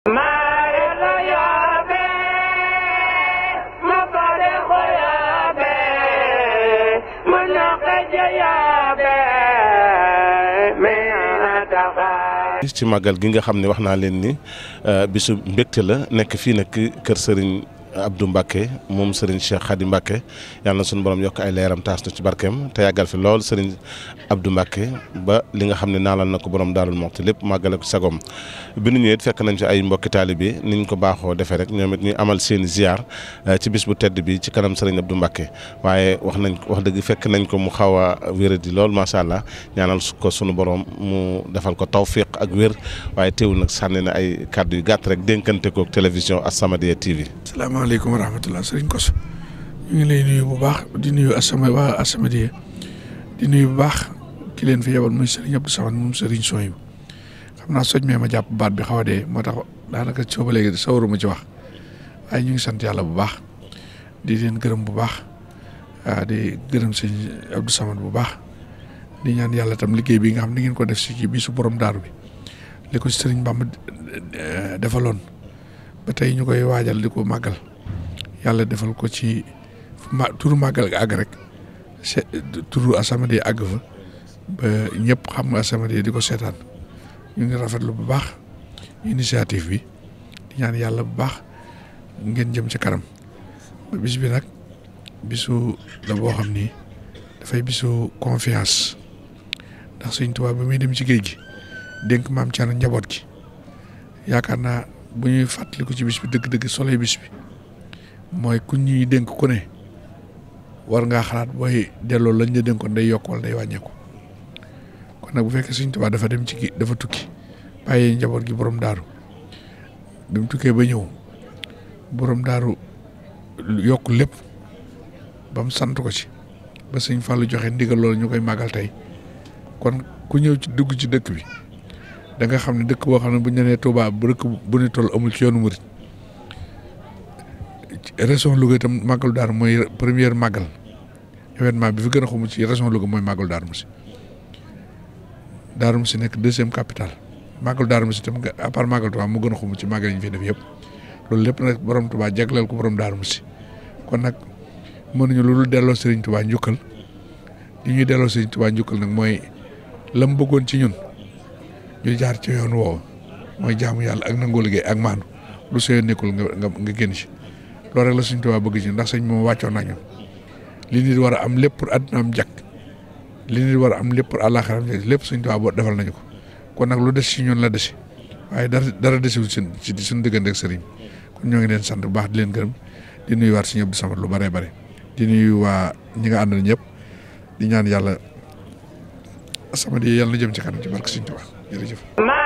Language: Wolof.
ci màggal gi nga xam ne wax naa leen ni euh, bisu mbégte la nekk fii nag kër sëriñ Abdou Mbacke moom Serigne Cheikh Khady Mbacke yàlla na sunu borom yokk ay leeram taas na ci barkeem te yàggal fi lool Serigne Abdou Mbacke ba li nga xam ne naalal na ko borom Daarul Muxti lépp màggale ko sagom bi nu ñëwee it fekk nañ ci ay mbokki taalibe ñu ko baaxoo defee rek ñoom it ñuy amal seeni ziar eh, ci bis bu tedd bi ci kanam Serigne Abdou Mbacke waaye wax nañ wax dëgg fekk nañ ko mu xaw a wéradi lool macha allah ñaanal ko sunu boroom mu defal ko tawfiq ak wér waaye teewul nag sànni na ay kàddu yu gàtt rek dénkante koog télévision As-Samadiyya TV. asalaamaaleykum wa rahmatulah sëriñ Kosso ñu ngi lay nuyu bu baax di nuyu asama waa Asamaadiya di nuyu bu baax ki leen fi yebal muy sëriñ Abdou Samad moom sëriñ Soyibu xam naa soj mee ma jàpp baat bi xaw a dee moo tax daanaka soo ba léegi sawaruma ci wax waaye ñu ngi sant yàlla bu baax di leen gërëm bu baax di gërëm sëriñ Abdou Samad bu baax di ñaan yàlla tam liggéey bi nga xam ni ngeen ko def si bii su borom daaru bi li ko sëriñ Bamba eh, defaloon. ba tey ñu koy waajal di ko màggal yàlla defal ko ci ma turu màggal ga àgg rek turu As-Samadiyya fa ba ñëpp xam nga As-Samadiyya di ko seetaan ñu ngi rafetlu bu baax initiative bi di ñaan yàlla bu baax ngeen jëm ci kanam bis bi nag bisu la boo xam ni dafay bisu confiance ndax Sëñ Tuubaa ba muy dem ci géej gi dénk maam Thierno njaboot gi yaakaar naa. bu ñuy fàttaliku ci bis bi dëgg-dëgg solee bis bi mooy ku ñuy dénk ku ne war ngaa xalaat booy delloo lañ la dénkoon day yokk wala day wàññeeku kon nag bu fekkee Sëriñ Tuubaa dafa dem ci gi dafa tukki bàyyi njaboot gi borom daaru bi tukkee ba ñëw borom daaru yokk lépp ba sant ko ci ba Sëriñ Fàllu joxe ndigal loolu ñu koy màggal tey kon ku ñëw ci dugg ci dëkk bi. da nga xam ne dëkk boo xam ne bu ñanee tubaa bu dëkk bu ne toll amul ci yoonu murit région Louga itam màggalu daar mooy première màggal événement bi fi gën a xamul ci région Louga mooy màggalu Daaru Moussi Daaru Moussi nekk deuxième capital màggalu Daaru mu si tam part màggal Touba mu gën a xamul ci màggal yi ñu fi def yëpp loolu lépp nag borom Touba jagleel ko borom mu si kon nag mënuñu loolu delloo si Serigne Touba njukkal li ñuy delloo Serigne Touba njukkal nag mooy lam bëggoon ci ñun. ñu jaar ci yoon woowu mooy jaamu yàlla ak nangoo liggéey ak maanu lu soo nekkul nga nga génn ci loolu rek la suñ Tuubaa bëgg ci ndax sëñ moom wàccoon nañu li nit war a am lépp pour àdduna am jàkk li nit war a am lépp pour àllaaxira am jàkk lépp suñ Tuubaa boo defal nañu ko kon nag lu des ci ñoon la des waaye dara dara desiwul ci suñu diggante ak sëriñ ñoo ngi leen sant bu baax di leen gërëm di nuyuwaat si ñëpp di lu bëree bëri di nuyu waa ñi nga àndal ñëpp di ñaan yàlla samedi yàlla na jëm ci kanam ci barke jërëjëf. ma